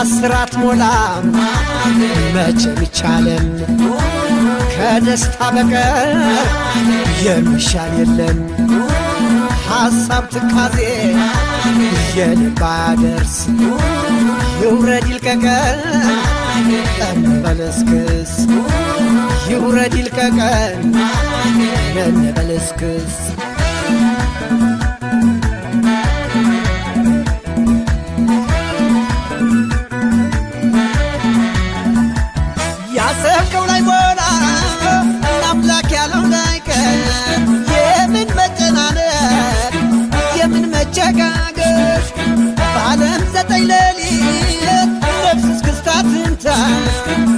አስራት ሞላ መቼም ይቻለን ከደስታ በቀር የሚሻል የለን ሐሳብ ትካዜ የንባደርስ ይውረድ ይልቀቀን እንበለስክስ ይውረድ ይልቀቀን እንበለስክስ ያልከው ላይ ሞላ አምላክ ያለው ላይ ቀን የምን መጨናነቅ የምን መጨጋገር በዓለም ዘጠኝ ሌሊት ነፍስ እስክስታ ትንታ